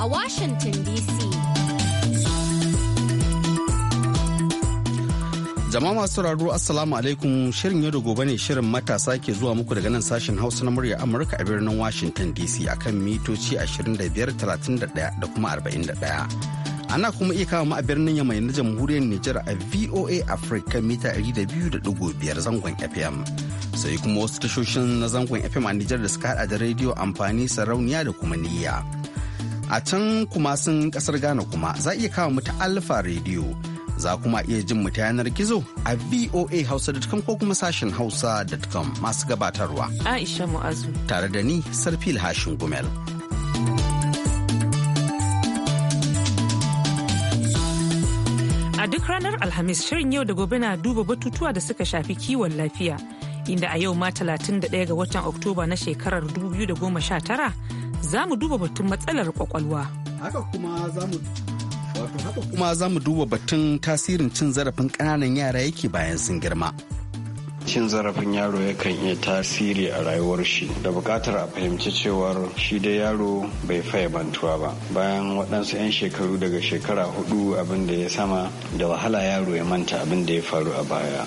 a Washington DC. Jama'a masu sauraro Assalamu alaikum shirin yau da gobe ne shirin matasa ke zuwa muku daga nan sashen Hausa na murya Amurka a birnin Washington DC akan mitoci 25, 31 da kuma 41. ana kuma iya kama a birnin yamai na jamhuriyar Nijar a VOA Africa mita 200.5 zangon FM. Sai kuma wasu tashoshin na zangon FM a Nijar da suka hada da rediyo amfani sarauniya da kuma niyya. A can kuma sun kasar Ghana kuma za iya kawo mu Alfa Radio. Za kuma iya jin mu ta yanar gizo a VOA Hausa.com ko kuma sashen Hausa.com masu gabatarwa. Aisha Mu'azu. Tare da ni Sarfil Hashin Gumel. A duk ranar Alhamis shirin yau da gobe na duba batutuwa da suka shafi kiwon lafiya. Inda a yau ma 31 ga watan Oktoba na shekarar 2019 za mu duba batun matsalar kwakwalwa. Haka kuma za mu duba batun tasirin cin zarafin ƙananan yara yake bayan sun girma. cin zarafin yaro yakan iya tasiri a rayuwar shi da bukatar a fahimci cewar shi da yaro bai faye bantuwa ba bayan waɗansu 'yan shekaru daga shekara hudu abin da ya sama da wahala yaro ya manta abin da ya faru a baya.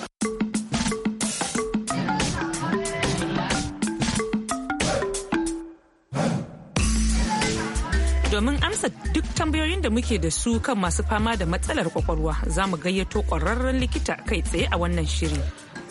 domin amsa duk tambayoyin da muke da su kan masu fama da matsalar kwakwalwa za mu gayyato ƙwararren likita kai tsaye a wannan shiri.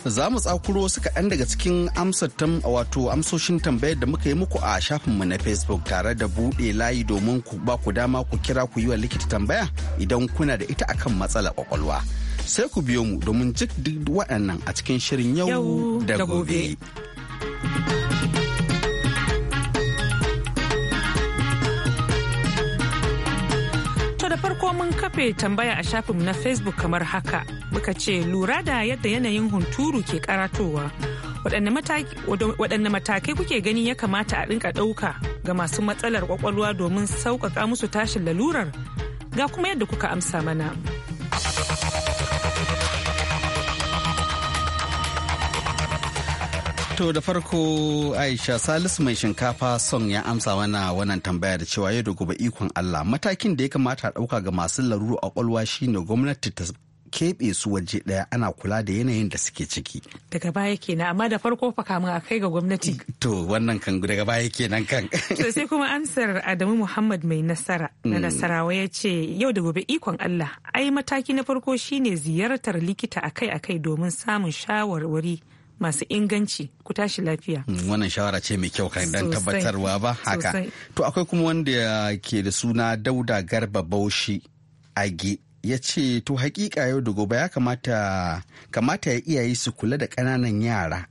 Za mu tsakuro su kaɗan daga cikin amsar wato amsoshin tambayar da muka yi muku a shafinmu na Facebook tare da buɗe layi domin ku ba ku dama ku kira ku yi wa likita tambaya idan kuna da ita akan matsalar kwakwalwa. Sai ku biyo mu domin jik duk waɗannan a cikin shirin yau da gobe. mun kafe tambaya a shafinmu na facebook kamar haka muka ce lura da yadda yanayin hunturu ke karatowa waɗanne matakai kuke gani ya kamata a ɗinka ɗauka ga masu matsalar ƙwaƙwalwa domin sauƙaƙa musu tashin lalurar ga kuma yadda kuka amsa mana. To da farko Aisha Salisu mai shinkafa son ya amsa wana wannan tambaya da cewa yau da gobe ikon Allah matakin da ya kamata a ɗauka ga masu laruru a kwalwa shine gwamnati ta keɓe su waje ɗaya ana kula da yanayin da suke ciki. Daga baya kenan amma da farko fa kamun a kai ga gwamnati. To wannan kan daga baya kenan kan. To sai kuma amsar Adamu Muhammad mai nasara na hmm. nasarawa ya ce yau da gobe ikon Allah ai mataki na farko shine ziyartar likita akai-akai domin samun shawarwari masu inganci ku tashi lafiya. Mm, wannan shawara ce mai kyau kan dan tabbatarwa ba haka. To akwai kuma wanda ke da suna Dauda Garba Baushi Age ya ce to hakika yau da gobe ya kamata kamata ya iyaye su kula da ƙananan yara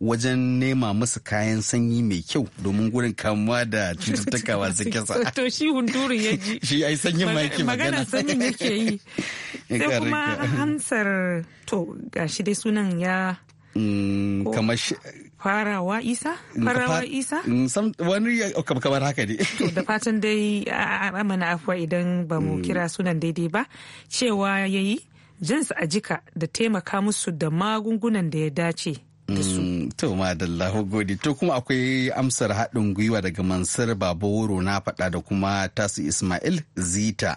wajen nema musu kayan sanyi mai kyau domin gurin kamuwa da cututtuka masu kisa. To shi hundurin ya ji. Shi ai sanyin ma yake magana. Magana sanyin yake yi. Sai kuma hansar to gashi dai sunan ya Mm, kamar farawa isa mm, farawa isa mm, wani oh, kamar haka ne da fatan dai amana afuwa idan ba mu kira sunan daidai ba cewa yayi jinsu a jika da taimaka musu da magungunan da ya dace To lahu gode. To kuma akwai amsar haɗin gwiwa daga Mansur wuro na faɗa da kuma Tasu Ismail Zita.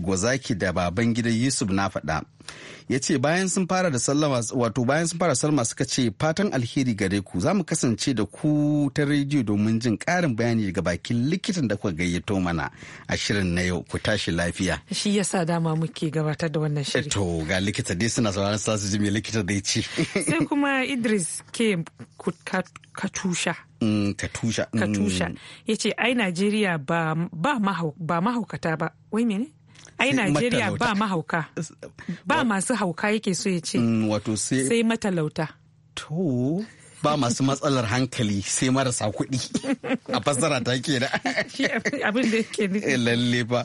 gozaki da baban gidan Yusuf na faɗa. Ya ce bayan sun fara da sallama wato bayan sun fara sallama suka ce fatan alheri gare ku za mu kasance da ku ta rediyo domin jin karin bayani daga bakin likitan da kuka gayyato mana a shirin na yau ku tashi lafiya. Shi yasa dama muke gabatar da wannan shirin. To ga likita dai suna sauraron sa ji mai likita dai ce. Sai kuma Idris ke katusha. Mm, katusha. Mm. Katusha. Ya ce ai Najeriya ba mahaukata ba. Wai mene? ai najeriya ba mahauka ba masu hauka yake so ya ce mm, sai matalauta to ba masu matsalar hankali sai marasa kuɗi a fassara ta ke da abin da yake nufi eh, lalle ba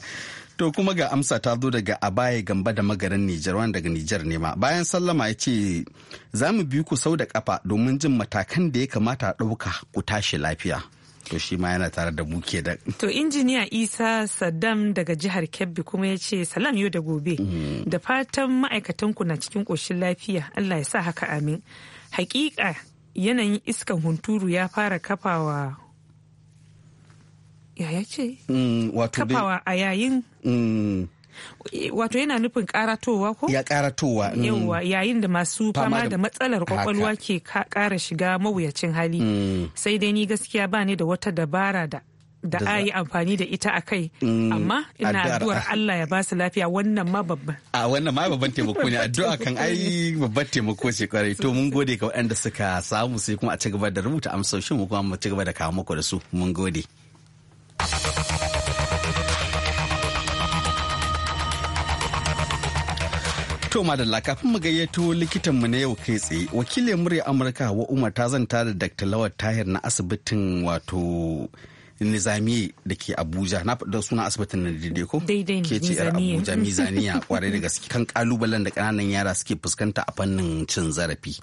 to kuma ga amsa ta zo daga a baya gamba da magarin Nijar wani daga Nijar ne ma bayan sallama ya ce za mu bi ku sau da kafa domin jin matakan da ya kamata a ɗauka ku tashi lafiya to shi ma yana tare da mu ke da. To injiniya Isa Saddam daga jihar Kebbi kuma ya ce salam yau da gobe mm. da fatan ma'aikatanku na cikin ƙoshin lafiya Allah ya sa haka amin. Hakika yanayin iskan hunturu ya fara kafawa ya ce? Mm, kafawa a yayin mm. wato yana nufin karatowa ko ya karatowa mm. yawa yayin da masu fama da matsalar kwakwalwa ke kara shiga mawuyacin hali mm. sai dai ni gaskiya ba ni da wata dabara da da a yi amfani da ita a kai mm. amma ina addu'ar Allah ya ba su lafiya wannan ma babban a wannan ma babban taimako ne addu'a kan ai babban taimako ce kwarai to mun gode ga waɗanda suka samu sai kuma a ci gaba da rubuta amsoshin mu kuma mu ci gaba da kawo muku da su mun gode To madalla kafin mu gayyato likitan mu na yau kai tsaye wakilin murya Amurka wa Umar ta zanta da Dr. Lawal Tahir na asibitin wato Nizamiye da ke Abuja na faɗa suna asibitin na daidai ko? Ke Abuja Mizaniya kwarai da gaske kan kalubalen da kananan yara suke fuskanta a fannin cin zarafi.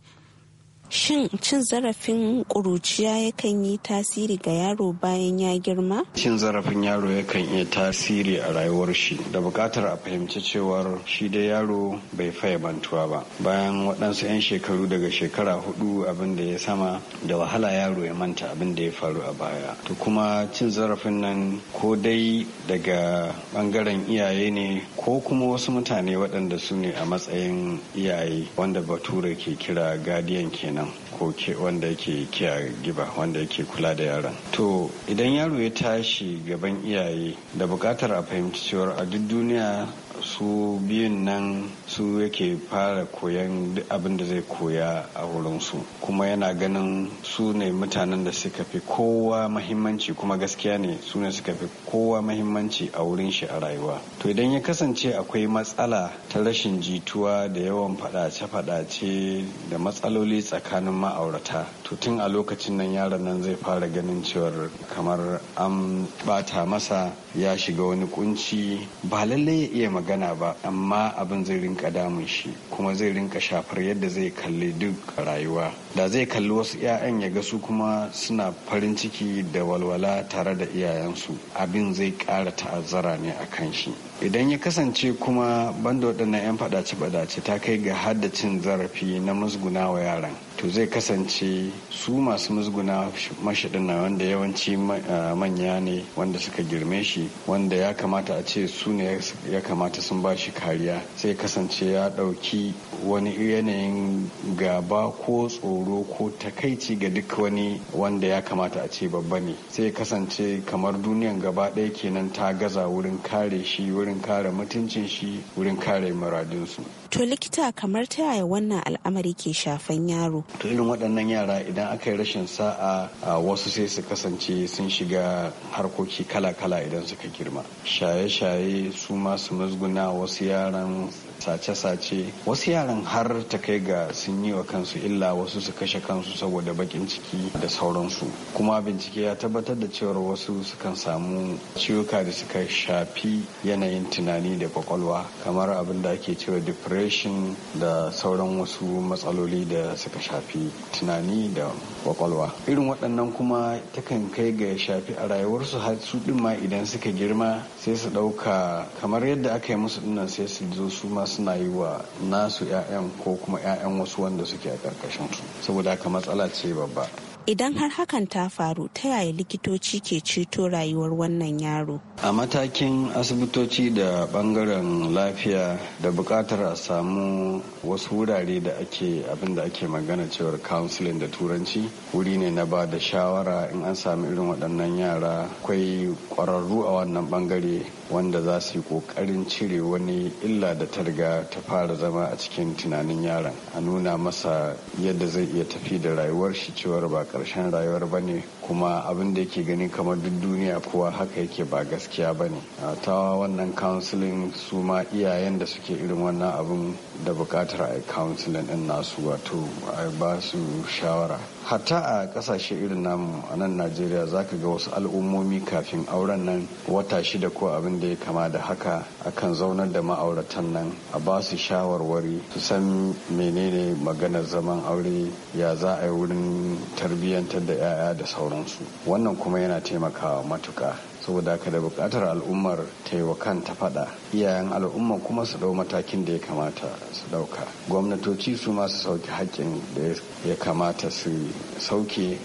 shin cin zarafin ƙuruciya yakan yi tasiri ga yaro bayan ya girma cin zarafin yaro yakan iya tasiri a rayuwar shi da buƙatar a fahimci cewar shi da yaro bai faye bantuwa ba bayan waɗansu 'yan shekaru daga shekara hudu abin da ya sama da wahala yaro ya manta abin da ya faru a baya to kuma cin zarafin nan ko dai daga ɓangaren iyaye ne ko kuma wasu mutane waɗanda su ne a matsayin iyaye wanda bature ke kira gadiyan kenan kenan ko wanda yake kiya giba wanda yake kula da yaron to idan yaro ya tashi gaban iyaye da bukatar a fahimci cewar a duk duniya su biyun nan su yake fara koyan duk abin da zai koya a wurinsu kuma yana ganin su ne mutanen da suka fi kowa mahimmanci kuma gaskiya ne su ne suka fi kowa mahimmanci a wurin shi a rayuwa to idan ya kasance akwai matsala ta rashin jituwa da yawan faɗace-faɗace da matsaloli tsakanin ma'aurata to tun a lokacin nan yaron nan zai fara ganin cewar kamar an bata masa ya shiga wani kunci ba lallai ya iya magana ba amma abin zai rinka damun shi kuma zai rinka shafar yadda zai kalli duk rayuwa da zai kalli wasu 'ya'yan ya ga su kuma suna farin ciki da walwala tare da iyayensu abin zai ƙara ta'azzara ne a kan shi idan ya kasance kuma banda waɗannan 'yan faɗace-faɗace ta kai ga haddacin zarafi na musguna wa yaran to zai kasance su masu musguna mashi na wanda yawanci manya ne wanda suka girme shi wanda ya kamata a ce su ne ya kamata sun ba shi kariya sai kasance ya ɗauki wani yanayin gaba ko tsoro ko takaici ga duk wani wanda ya kamata a ce babba ne sai kasance kamar duniyan gaba ɗaya kenan ta gaza wurin kare shi wurin kare mutuncin shi wurin kare muradinsu To likita kamar ta yaya wannan al'amari ke shafan yaro? To irin waɗannan yara idan aka yi rashin sa'a a wasu sai su kasance sun shiga harkoki kala-kala idan suka girma. Shaye-shaye su masu musguna wasu yaran sace-sace wasu yaran har ta kai ga sun yi wa kansu illa wasu su kashe kansu saboda bakin ciki da sauransu kuma bincike ya tabbatar da cewar wasu sukan samu ciwuka da suka shafi yanayin tunani da kwakwalwa kamar abin da ake cewa depression da sauran wasu matsaloli da suka shafi tunani da kwakwalwa irin waɗannan kuma takan kai ga ya shafi a rayuwarsu har su ɗin ma idan suka girma sai su ɗauka kamar yadda aka yi musu ɗinnan sai su zo su ma suna yi wa nasu 'ya'yan ko kuma 'ya'yan wasu wanda suke a karkashin su saboda haka matsala ce babba idan har hakan ta faru ta yaya likitoci ke ceto rayuwar wannan yaro a matakin asibitoci da bangaren lafiya da bukatar a samu wasu wurare da ake abinda ake magana cewar counseling da turanci wuri ne na ba da shawara in an sami irin waɗannan yara akwai ƙwararru a wannan bangare wanda za su yi ƙoƙarin cire wani illa da ta riga ta fara zama a cikin tunanin yaron a nuna masa yadda zai iya tafi da rayuwar shi cewar ba ƙarshen rayuwar ba ne kuma abin da yake gani kamar duk duniya kowa haka yake ba gaske. gaskiya ba ne ta wannan counseling su ma iyayen da suke irin wannan abin da bukatar a counseling din nasu wato a ba su shawara hatta a kasashe irin namu a nan najeriya zaka ga wasu al'ummomi kafin auren nan wata shida ko abin da ya kama da haka akan zaunar da ma'auratan nan a ba su shawarwari su san menene maganar zaman aure ya za a yi wurin tarbiyyantar da 'ya'ya da sauransu wannan kuma yana taimakawa matuka saboda ka da bukatar al'ummar ta yi wa kanta fada iyayen al'umma kuma su dau matakin da ya kamata su dauka gwamnatoci su masu su sauke haƙƙin da ya kamata su sauke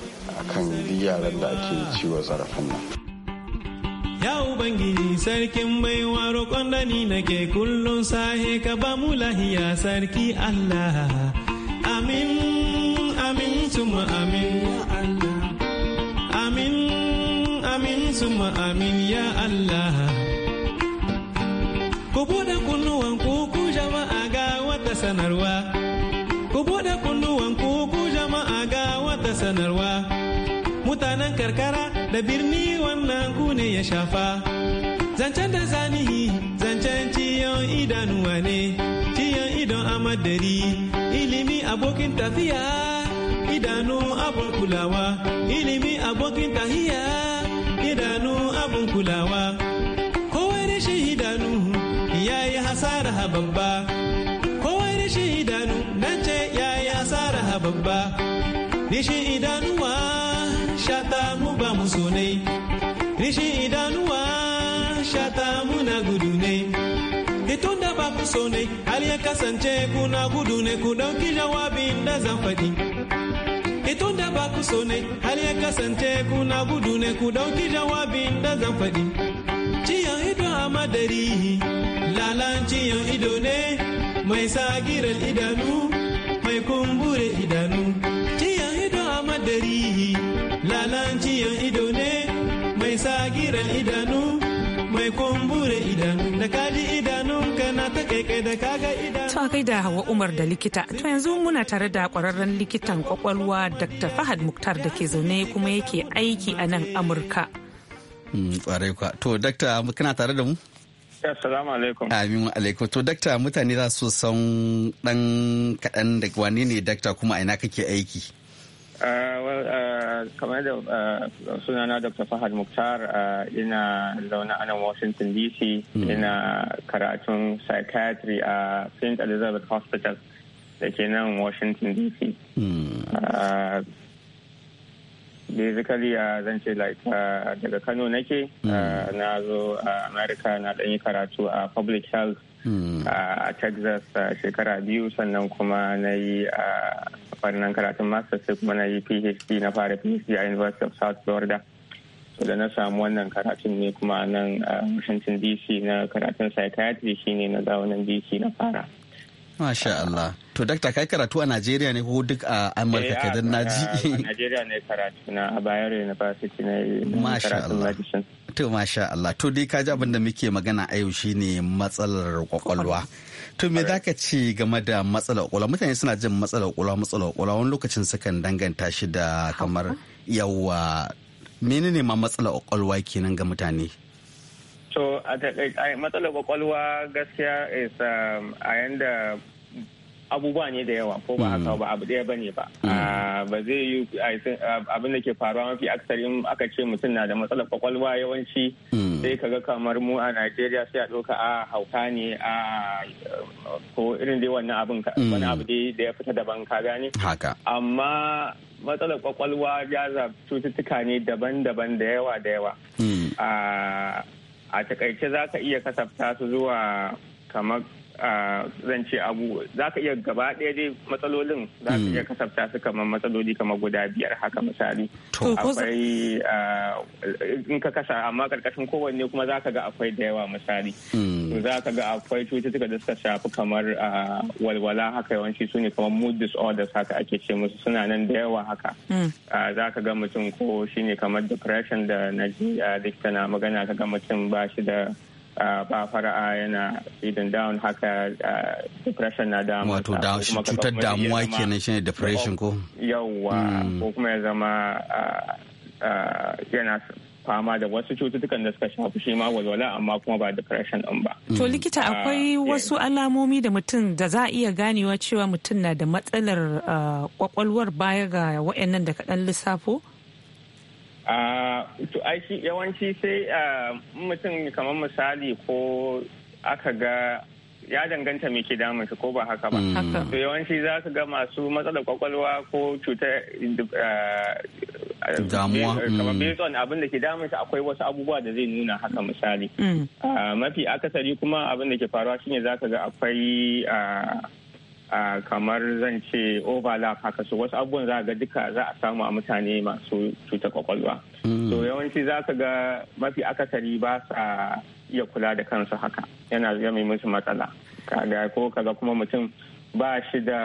kan yaran da ake ciwo zarafin nan Ya Ubangiji sarkin baiwa roƙon na nake kullum sahe ka ba mu lahiya sarki Allah. Amin, amin, tuma amin, ya Allah. amin suma amin ya Allah. Ku buɗe kunnuwan ku jama'a ga wata sanarwa. Ku buɗe kunnuwan ku jama'a ga wata sanarwa. Mutanen karkara da birni wannan ku ne ya shafa. Zancen da zanihi zancen ciyon idanuwa ne, ciyon idon amadari, ilimi abokin tafiya. idanu abun kulawa ilimi abokin tahiya idanu abin kulawa kowai rashin idanu ya yi hasara hababba kowai rashin idanu nan ce ya yi hasara hababba rashin idanuwa shata mu ba mu so ne rashin idanuwa shata na gudu ne tun da ba ku so ne hal ya kasance gudu ne ku ɗauki jawabin da zan faɗi ito da ba ku so ne har ya kasance kuna gudu ne ku dauki jawabin da zan faɗi ciyan ido a madari lalan ciyan ido ne mai sagirar idanu mai kumbure idanu ciyan ido a madari lalan ciyan ido ne mai sagirar idanu mai kumbure idanu da kaji idanunka na ta kaikai da kaga idanu. To da Hawa Umar da likita. To yanzu muna tare da kwararren likitan kwakwalwa Dr. Fahad Muktar da ke zaune kuma yake aiki a nan Amurka. Kwarai mm, kwa. To Dr. kana tare da mu? Assalamu alaikum. Amin alaikum. To dakta mutane za su san dan kaɗan da wane ne dakta kuma a ina kake aiki? kamar da sunana dr fahad muktar uh, ina uh, zaune a nan washington dc hmm. ina uh, karatun psychiatry a st elizabeth hospital da ke nan washington dc hmm. basically zan ce like daga kano nake hmm. na zo a america na dan yi karatu a public health a texas shekara biyu sannan kuma na yi nan karatun Master, sai kuma na yi phd na fara phd a university of south florida so da na samu wannan karatun ne kuma nan a washington dc na karatun psychiatry shine na zaunan dc na fara Masha Allah. To, dakta kai karatu a Najeriya ne ko duk a Amurka ka eh, dan naji? A Najeriya ne karatu na a Bayero University ne karatun medicine. To, Masha Allah. To, dai ka ji abin da muke magana a yau shine matsalar kwakwalwa. To me zaka ce game da matsalar kwakwalwa mutane suna jin matsalar kwakwalwa matsalar kwakwalwa wani lokacin sukan danganta shi da kamar yawa menene ma matsalar kwakwalwa kenan ga mutane? To a matsalar kwakwalwa gaskiya is um, a yanda abubuwa ne da yawa ko ba hmm. haka ba abu ba ne ba hmm. ah, ba zai yi ah, abin da ke faruwa mafi aksarin aka ce mutum na da matsalar kwakwalwa yawanci hmm. sai kaga kamar mu a Najeriya sai a ɗauka a ah, hauka ne a ko irin dai wannan abin wani abu da ya fita daban ka gane amma matsalar kwakwalwa ya cututtuka ne daban-daban da yawa da yawa a takaice za ka iya kasafta su zuwa kamar zance abu za ka iya gaba ɗaya dai matsalolin za ka hmm. iya kasafta su kamar matsaloli kamar guda biyar haka misali akwai in ka kasa amma karkashin kowanne kuma za ka ga akwai da yawa misali hmm. za ka ga akwai cututtuka da suka shafi kamar walwala haka yawanci su ne kamar mood disorders haka ake ce musu suna nan da yawa haka hmm. za ka ga mutum ko shine kamar depression da na ji likita na magana ka ga mutum ba shi da ba fara'a yana feeding down haka depression na damu wato da cutar damuwa kenan shine depression ko yawwa hmm. ko kuma ya zama yana fama da wasu cututtukan da suka shafi shi ma walwala amma kuma ba depression din ba. Hmm. To likita akwai wasu alamomi da mutum da za a iya ganewa cewa mutum na da matsalar kwakwalwar baya ga waɗannan da kaɗan lissafo? a shi yawanci sai mutum kamar misali ko aka ga ya danganta me ke damun ko ba haka ba. Mm. To yawanci za su ga masu matsalar kwakwalwa ko cutar damuwa. Eh, kamar mm. based on da ke damun akwai wasu abubuwa da zai nuna haka misali. Mm. Mafi akasari kuma abin da ke faruwa shine za ka ga akwai kamar zan ce overlap haka so wasu abubuwan za ga duka za a samu a mutane masu cutar kwakwalwa mm. so yawanci za ka ga mafi akasari ba sa iya kula da kansu haka yana zama musu matsala kaga ko ga kuma mutum ba shi da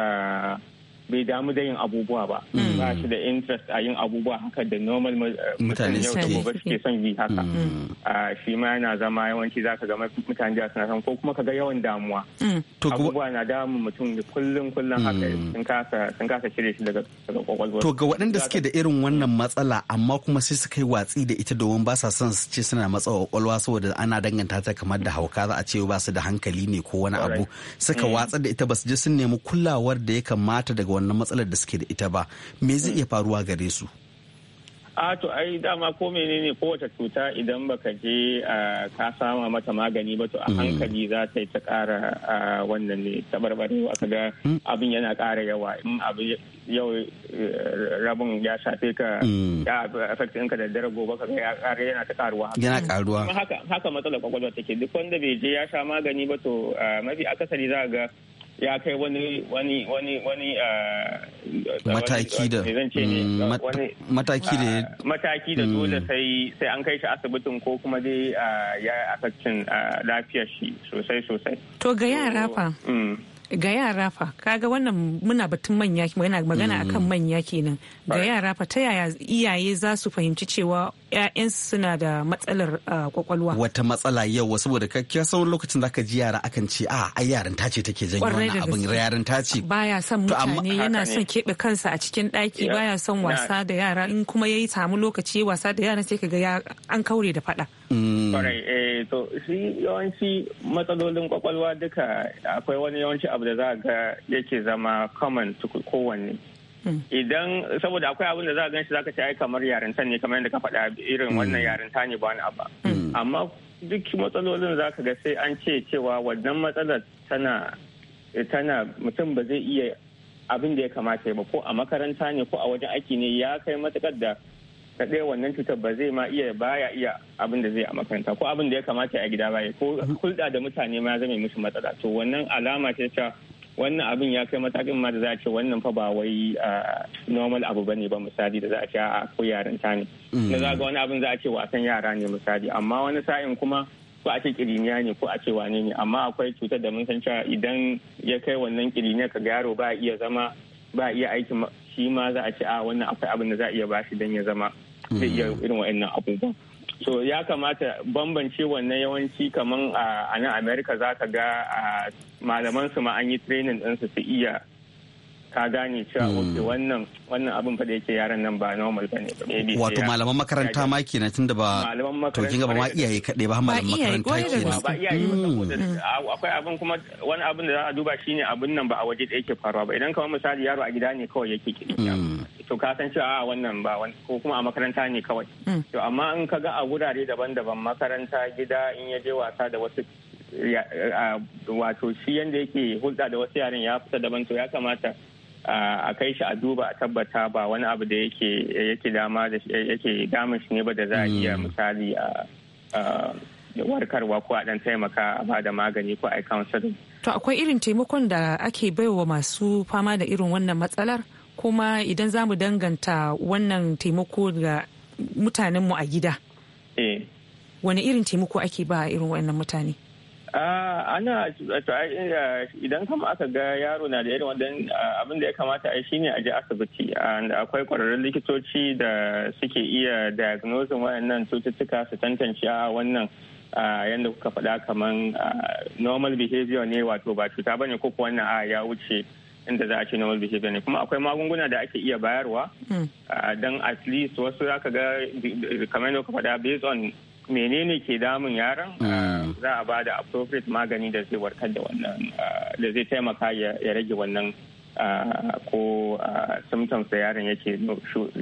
bai damu da yin abubuwa ba mm. ba shi da interest a yin abubuwa haka da normal eh, mutane yau ke gobe suke son yi haka mm. ah, shi ma yana zama yawanci za ka ga mutane da suna ko kuma ka ga yawan damuwa mm. abubuwa na damun mutum da kullum kullum haka sun kasa cire shi daga kwakwalwa to ga waɗanda suke da irin wannan matsala amma kuma sai su kai watsi da ita domin ba sa son su ce suna matsawa kwakwalwa saboda ana danganta ta kamar da hauka za a ce ba su da hankali ne ko wani abu suka watsar da ita ba su je sun nemi kulawar da ya kamata daga ga wannan matsalar da suke da ita ba me zai iya faruwa gare su a to ai dama ko menene kowace cuta idan baka je ka sama mata magani ba to a mm. hankali za ta yi ta kara wannan ne ta ka kaga mm. abin yana kara yawa in abin yau eh, rabin ya shafe ka mm. ya affect ɗinka da dare gobe ka ya kara yana ta karuwa yana karuwa haka haka matsalar kwakwalwa take duk wanda bai je ya sha magani ba to mafi akasari za ga ya kai wani wani wani wani ah, mataki da mm, mataki da ah, mataki da dole mm. sai sai an kai shi asibitin ko kuma dai ah, ya afakcin lafiyar shi sosai sosai to ga yara fa mm. ga yara fa kaga wannan muna batun manya yana magana mm. akan manya kenan ga yara fa ta yaya iyaye za su fahimci cewa ƴaƴansu suna da matsalar ah, kwakwalwa wata matsala yau saboda kakkiya sauran lokacin zaka ji yara akan ce a ah, ai yaran ta ce take janyo wannan abin yaran ta ce baya son mutane yana son keɓe kansa a cikin ɗaki baya son wasa da yara in kuma yayi samu lokaci wasa da yara sai kaga an kaure da faɗa mm. Kwarai, eh, to shi yawanci matsalolin kwakwalwa duka akwai wani yawanci abu da za ga yake zama common kowanne. Hmm. Idan saboda akwai abin da za gan shi za ka ce ai kamar yarinta ne kamar yadda ka faɗa irin wannan hmm. yarinta ne ba wani abu. Hmm. Amma duk matsalolin za ka ga sai an ce cewa wannan matsalar tana tana mutum ba zai iya abin da ya kamata ba ko a makaranta ne ko a wajen aiki ne ya kai matukar da na ɗaya wannan cutar ba zai ma iya baya iya abin da zai a makaranta ko abin da ya kamata a gida baya ko mhm. hulɗa da mutane ma zame musu matsala to wannan alama ce ta wannan abin ya kai matakin ma da za a ce wannan fa ba wai normal abu bane ba misali da za a ce a ko yaran ta ne mm. na za ga wani abin za a ce wasan yara ne misali amma wani sa'in kuma ko a ce kiriniya ne ko a ce wane ne amma akwai cutar da mun san cewa idan ya kai wannan kiriniya ka yaro ba iya zama ba iya aikin shi ma za a ce a ah, wannan akwai abin da za a iya bashi don ya zama zai iya hmm. irin wa'annan abubuwan so ya kamata bambance wannan yawanci kamar ah, a nan america za ka ga ah, malaman su ma an yi training ɗinsu su iya ka gane cewa hmm. oke wannan wannan abin fa da yake yaran nan ba normal bane wato malaman makaranta ma kenan tunda ba to kin ba ma iyaye kadai ba malaman makaranta kenan ba iyaye hmm. akwai abin kuma wani abin da za a duba shine abin nan ba a waje da yake faruwa ba idan kamar misali yaro a gida ne kawai yake hmm. to ka san cewa ah, wannan ba ko kuma a makaranta ne kawai to amma in ka ga a wurare daban-daban makaranta gida in ya je wasa da wasu wato shi yanda yake hulɗa da wasu yaren ya fita daban to ya kamata a kai shi a duba a tabbata ba wani abu da yake yake dama yake damun shi ne ba da za a iya mm. misali a warkarwa ko a dan taimaka a ba da magani ko a yi counseling. To akwai irin taimakon da ake baiwa masu fama da irin wannan matsalar kuma idan za mu danganta wannan taimako ga mutanenmu a gida. Eh. Wani irin taimako ake ba irin wannan mutane? ana eh, idan kama aka ga yaro na da irin wannan ah, abin da ya kamata a shine a ji asibiti akwai kwararrun likitoci da suke iya diagnosin wayannan cututtuka su tantance a ah, wannan ah, yadda kuka faɗa kaman normal behavior ne wato ba cuta bane ko wannan a ya wuce inda za a ce normal behavior ne kuma akwai magunguna da ake iya bayarwa hmm. don at least wasu ka ga kamar yadda kuka faɗa based on menene ke damun yaron ah. za a ba da appropriate magani da zai warkar da wannan ah, da zai taimaka ya rage wannan ah, ko symptoms da yaron yake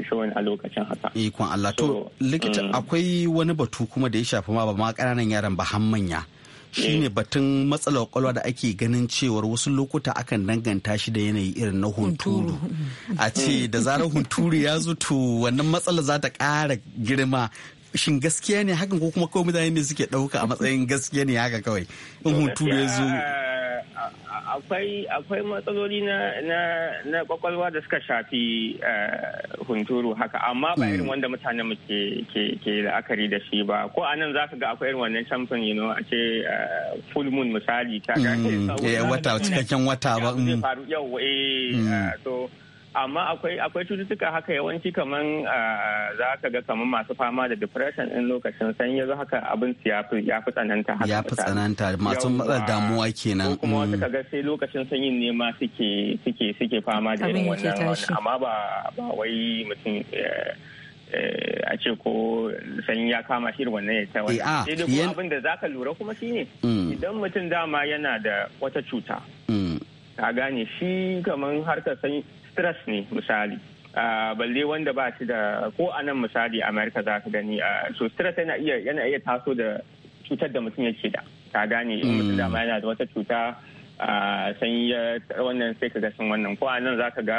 showing a lokacin haka. Ikon Allah to likita mm. akwai wani batu kuma da ya shafi ma ba ma ƙananan yaran ba har manya. shine eh. batun matsalar kwakwalwa da ake ganin cewar wasu lokuta akan danganta shi da yanayi irin na hunturu a ce da zarar hunturu ya zuto wannan matsalar za ta ƙara girma shin gaskiya ne hakan ko kuma kawai mutane ne suke ɗauka a matsayin gaskiya ne haka kawai in hutu ya zo akwai akwai matsaloli na na na kwakwalwa da suka shafi eh, hunturu haka amma ba mm. irin wanda mutane mu ke ke la'akari da shi ba ko a anan zaka ga akwai irin wannan champion you know a ce eh, full moon misali ta ga mm. eh, wata cikakken wata ba mm. faru yau eh to amma akwai akwai cututtuka haka yawanci kaman ah, za ka ga kaman masu fama da depression in lokacin sanyi yanzu haka abin ya fi ya fi tsananta haka ya fi tsananta masu matsar damuwa kenan kuma wasu mm. ka ga sai lokacin sanyin ne ma suke suke suke fama da irin wannan amma ba ba wai mutum eh, eh, a ce ko sanyi ya kama shi wannan ya ta wani eh, ah, sai da kuma abin da zaka lura kuma shine mm. idan mutum dama yana da wata cuta mm. ka gane shi kaman harkar sanyi stress ne misali ah, balle wanda ba shi da ko a nan misali amerika za ka gani ah, so stress yana iya yana iya taso da cutar da mutum yake da ka gane in mutum ma yana da wata cuta ah, sanyi wannan sai ka ga sun wannan ko a nan za ka ga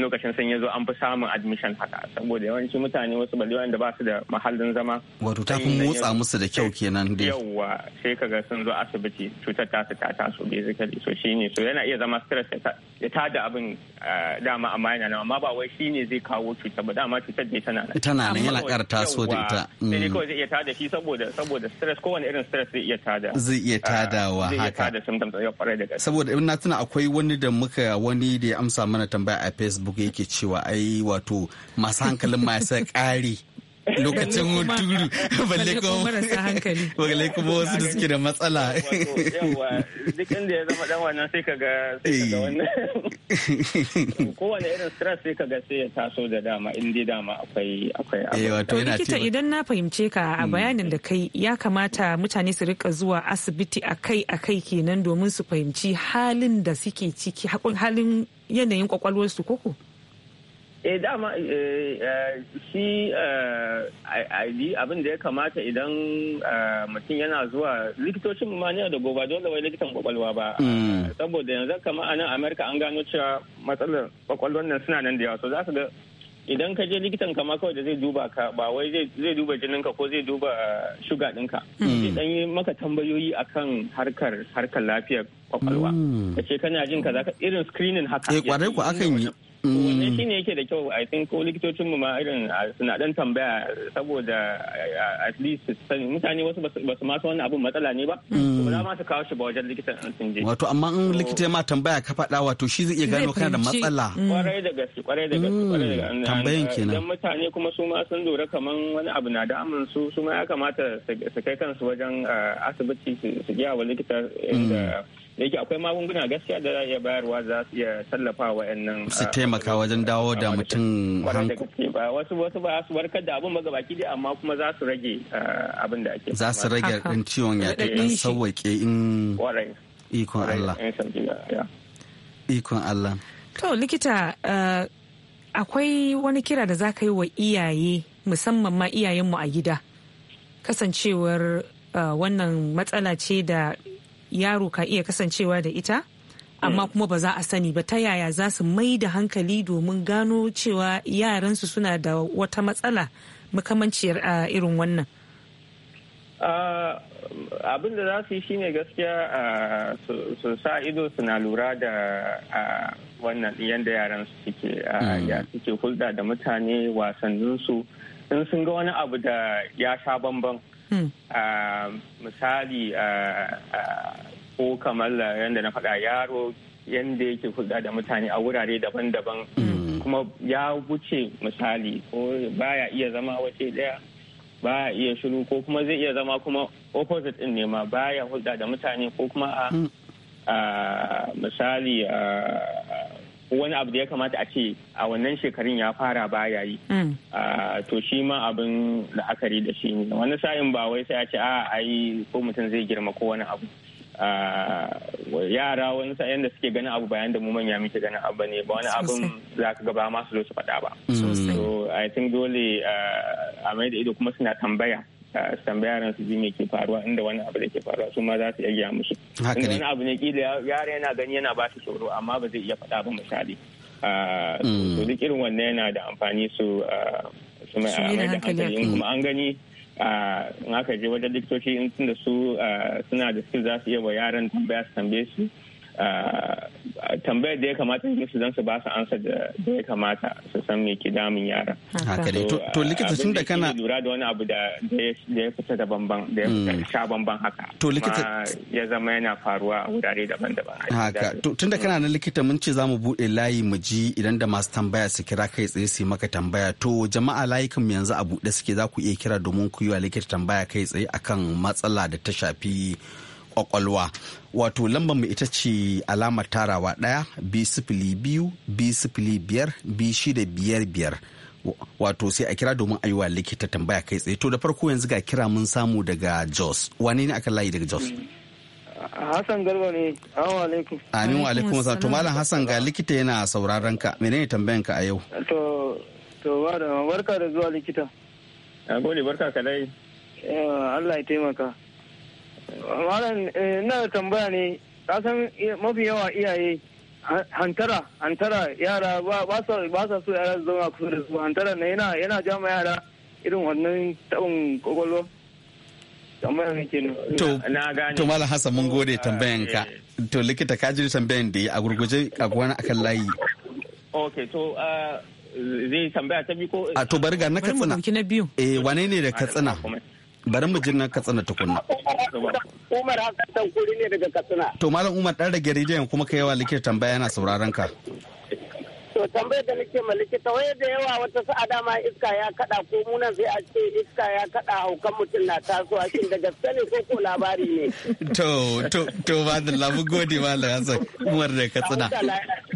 lokacin sun ya zo an fi samun admission haka saboda yawanci mutane wasu bali wanda ba su da mahallin zama wato ta kun motsa musu da kyau kenan dai yawa sai kaga sun zo asibiti cutar ta su ta taso basically so shine so yana iya zama stress ya da abin eh, dama amma yana nan amma ba wai shine zai kawo cutar ba dama cutar dai tana nan tana nan yana kar taso da ita sai ne mm. kawai zai iya tada shi saboda saboda stress kowane irin stress zai iya tada zai iya tadawa haka eh, zai iya tada symptoms ya eh, kware da gaske saboda na tuna akwai wani da muka wani da ya amsa mana tambaya a Facebook facebook yake cewa ai wato masu hankalin ma ya sa ƙari lokacin hunturu balle ko marasa hankali balle kuma wasu da suke da matsala duk inda ya zama dan wannan sai kaga sai kaga eh. wannan kowane irin stress sai kaga sai ya taso da dama in dai dama akwai akwai eh wato yana likita idan na fahimce ka a hmm. bayanin da kai ya kamata mutane su rika zuwa asibiti akai akai kenan domin su fahimci halin da suke ciki halin yanayin kwakwalwarsu koko eh dama eh, eh, shi eh, abin da ya kamata idan mutum yana zuwa likitocin ma ne da goba dole wai likitan kwakwalwa ba mm. saboda yanzu kama a nan amerika an gano cewa matsalar kwakwalwan nan suna nan da yawa so za su ga idan ka je likitan ka ma kawai da zai duba ka ba wai zai duba jininka ko zai duba shuga ɗinka. Mm. Zai dan yi maka tambayoyi akan harkar harkar lafiyar kwakwalwa. Mm. Ka ce kana jin ka irin screening haka. Eh kwarai ku akan yi. Mm. shi ne yake da kyau i think ko likitocin mu ma irin suna dan tambaya saboda at least sani mutane wasu ba su masu wannan abun matsala ne ba ba mm. ma su kawo shi ba wajen likitan sun je wato amma in likita ma tambaya ka faɗa wato shi zai iya gano kana da matsala mm. kwarai da gaske kwarai da gaske kwarai da gaske tambayan kenan dan mutane kuma su ma sun lura kaman wani abu na da amin su su ma ya kamata su kai kansu wajen asibiti su ji wa likita inda da yake akwai magunguna gaskiya da za iya bayarwa za su iya tallafa wa yannan su ah, taimaka wajen dawo da mutum ba wasu wasu ba su warkar da abin magabaki dai amma kuma za su rage ah, abin da ake za su rage ɗin ciwon ya ɗan sauwaƙe in ikon Allah ikon Allah to likita ah, akwai wani kira da za ka yi wa iyaye musamman ma iyayenmu a gida kasancewar wannan matsala ce da yaro ka iya kasancewa da ita amma mm. kuma ba za a sani ba ta yaya za su mai da hankali domin gano cewa yaransu suna da wata matsala makamanciyar irin wannan abin da za su yi shine gaskiya su sa ido na lura da wannan yadda yaran su mm. suke hulɗa da mutane wasanninsu in sun ga wani abu da ya sha bamban Hmm. misali ko kamar yadda na faɗa yaro yadda yake hulɗa da mutane a wurare daban-daban hmm. kuma ya wuce misali ko baya iya zama wace ɗaya baya iya shiru ko kuma zai iya zama kuma opposite ɗin ne ma baya hulɗa da mutane ko kuma a hmm. misali ko wani abu da ya kamata a ce a wannan shekarun ya fara baya yi mm. to shi ma abin la'akari da shi ne wani sa'in ba wai sai a ce a ai ko mutum zai girma ko wani abu yara wani sa'in da suke ganin abu bayan da mu manya muke ganin abu ne ba wani abin za ka gaba masu zo su faɗa ba so i think dole eh, a mai da ido kuma suna tambaya tambaya yaran su ji me ke faruwa inda wani abu da ke faruwa su ma za su iya musu ne wani abu ne kila yara yana gani yana ba shi tsoro amma ba zai iya faɗa ba misali ah, hmm. to duk irin wannan yana da amfani su ah, su ah, mai da hankali kuma an gani in aka je wajen likitoci in da su suna da skill za su iya wa yaran tambaya su tambaye su Ah, tambayar da ya kamata yi musu don ba su ansa da ya kamata su san me ke damun yaran. Haka ne. to ah, likita tun da kana lura da wani abu da ya fita da bamban da ya mm. sha bamban haka. To likita ya zama yana faruwa a wurare daban-daban. Haka tun da kana na likita mun ce za mu buɗe layi mu ji idan da masu tambaya su kira kai tsaye su maka tambaya to jama'a layukan yanzu a buɗe suke za ku iya kira domin ku yi wa likita tambaya kai tsaye akan matsala da ta shafi kwakwalwa wato lambar mu ita ce alamar tarawa ɗaya b sifili biyu b sifili biyar b shida biyar biyar wato sai a kira domin a yi wa likita tambaya kai tsaye to da farko yanzu ga kira mun samu daga jos wane ne aka layi daga jos hassan garba ne awa alaikum amin wa alaikum wasu to malam hassan ga likita yana sauraron ka menene tambayan ka a yau to to ba da barka da zuwa likita Ya gode barka ka dai eh, Allah ya taimaka Malam eh, na tambaya ne, kasan mafi yawa iyaye hantara hantara yara ba sa so yara zauna kusa da su hantara na yana yana jama yara irin wannan tabin kwakwalwa to malam hasan mun gode tambayan ka to likita ka ji tambayan da a gurguje a gwana akan layi ok to ah, zai tambaya ta biyu ko a to bari ga na katsina eh wane ne da katsina bari mu jin nan katsina tukunna umar hassan kuri ne daga katsina to malam umar dan rage rediyon kuma kai yawa likita tambaya yana sauraron ka to tambayar da nake ma likita waye da yawa wata da ma iska ya kada ko nan sai a ce iska ya kada haukan mutum na taso a da gaske ne ko ko labari ne to to to ba da labu gode malam hassan umar da katsina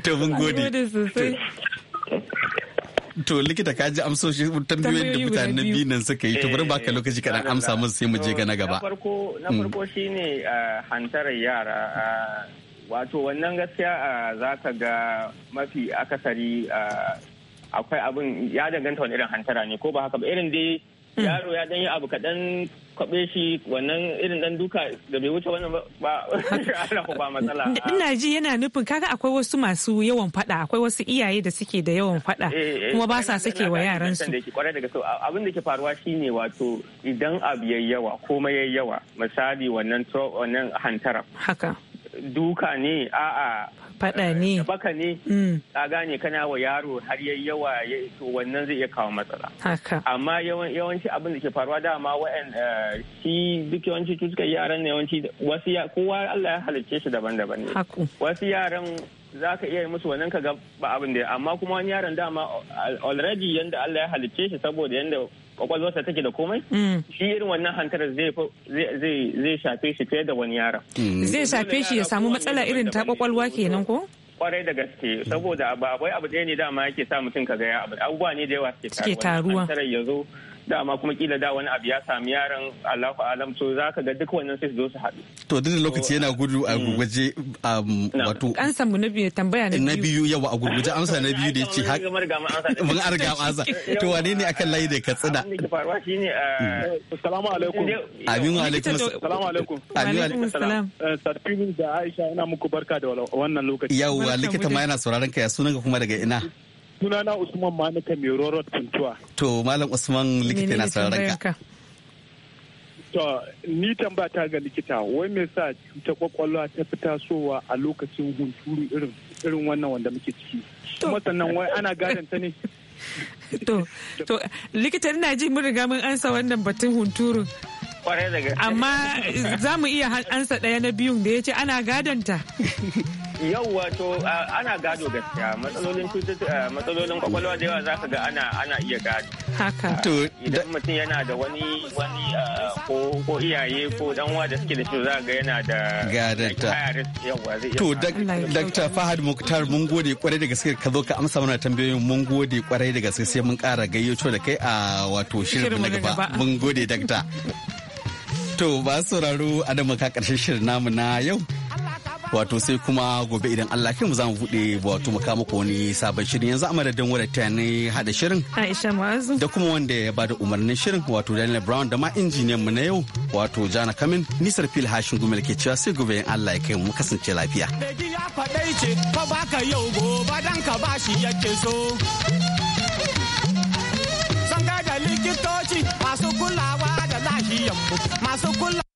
to mun gode to likita ka ji amsoshi tambayoyin da mutane biyu nan suka yi to bari baka eh, lokaci kaɗan amsa musu sai mu je ga na gaba. Na farko mm. shine ah, hantarar yara ah, wato wannan gaskiya ah, za ka ga mafi akasari akwai abin ya danganta wani irin hantara ne ko ba haka ba irin dai yaro ya dan yi abu kaɗan kwaɓe shi wannan irin dan duka da bai wuce wannan ba ba matsala. Ina ji yana nufin kaga akwai wasu masu yawan faɗa akwai wasu iyaye da suke da yawan faɗa eh, eh, kuma ba sa sake wa yaran su. Abin da ke faruwa shine wato idan abu yayi yawa komai yayi yawa misali wannan wannan hantara. Duka ne a'a faɗa ne baka ne mm. a gane kana wa yaro har yayi yawa to wannan zai iya kawo matsala amma yawanci abin da ke faruwa dama wa'an eh, shi duk yawanci cutukan yaran ne yawanci wasu ya kowa Allah ya halicce shi daban-daban ne wasu yaran za ka iya yi musu wannan ka ga ba abin da amma kuma wani yaron dama already yanda Allah ya halicce shi saboda yanda kwakwalwarsa take da komai mm. shi irin wannan hantarar zai shafe shi fiye da wani yaron mm. zai shafe shi ya samu matsala irin ta kwakwalwa kenan ko kwarai da gaske saboda ba abu ɗaya ne dama yake sa mutum ka gaya abu abubuwa ne da yawa suke taruwa ya dama kuma kila da wani abu ya sami yaron Allahu alam so zaka ga duk wannan sai su zo su haɗu to duk da lokaci yana gudu a mm. gurguje um, wato an samu na biyu tambaya na biyu na biyu yawa a gurguje amsa na biyu da yace har mun an arga amsa to wane ne akan layi da ka katsina uh, eh, Salamu alaikum amin wa alaikum Salamu alaikum amin wa alaikum eh, Sarfini da Aisha ina muku barka da wannan lokaci Yawwa likita ma yana sauraron ka ya sunan ka kuma daga ina sunana usman manuka mai rorot kuntuwa to malam usman likita na sauraron ka to ni tambata ga likita wai me sa cutar kwakwalwa ta fi tasowa a lokacin hunturu irin irin wannan wanda muke ciki kuma sannan wai ana gadon ta ne to to likita ina ji mun riga mun ansa wannan batun hunturu. Amma za mu iya ansa ɗaya na biyun da ya ce ana gadonta. yau wato ana gado gaskiya matsalolin matsalolin kwakwalwa da yawa za ka ga ana ana iya gado haka to idan mutum yana da wani wani ko ko iyaye ko dan uwa da suke da shi za ga yana da gadonta. to Dr. Fahad Mukhtar mun gode kwarai da gaske ka zo ka amsa mana tambayoyin mun gode kwarai da gaske sai mun kara gayyato da kai a wato shirin na gaba mun gode Dr. To ba sauraro Adamu ka karshen shirin namu na yau. Wato sai kuma gobe idan Allah kai mu za mu buɗe wato mu kama wani sabon shirin yanzu a madadin wadda ta ne hada shirin. Aisha Da kuma wanda ya bada umarnin shirin wato Daniel Brown da ma injiniyan mu na yau wato Jana Kamin Nisar Fil Hashin Gumel ke cewa sai gobe in Allah ya kai mu kasance lafiya. Daji ya faɗai ce fa baka yau gobe dan ka bashi yake so. likitoci masu kulawa da lahiyanmu masu kulawa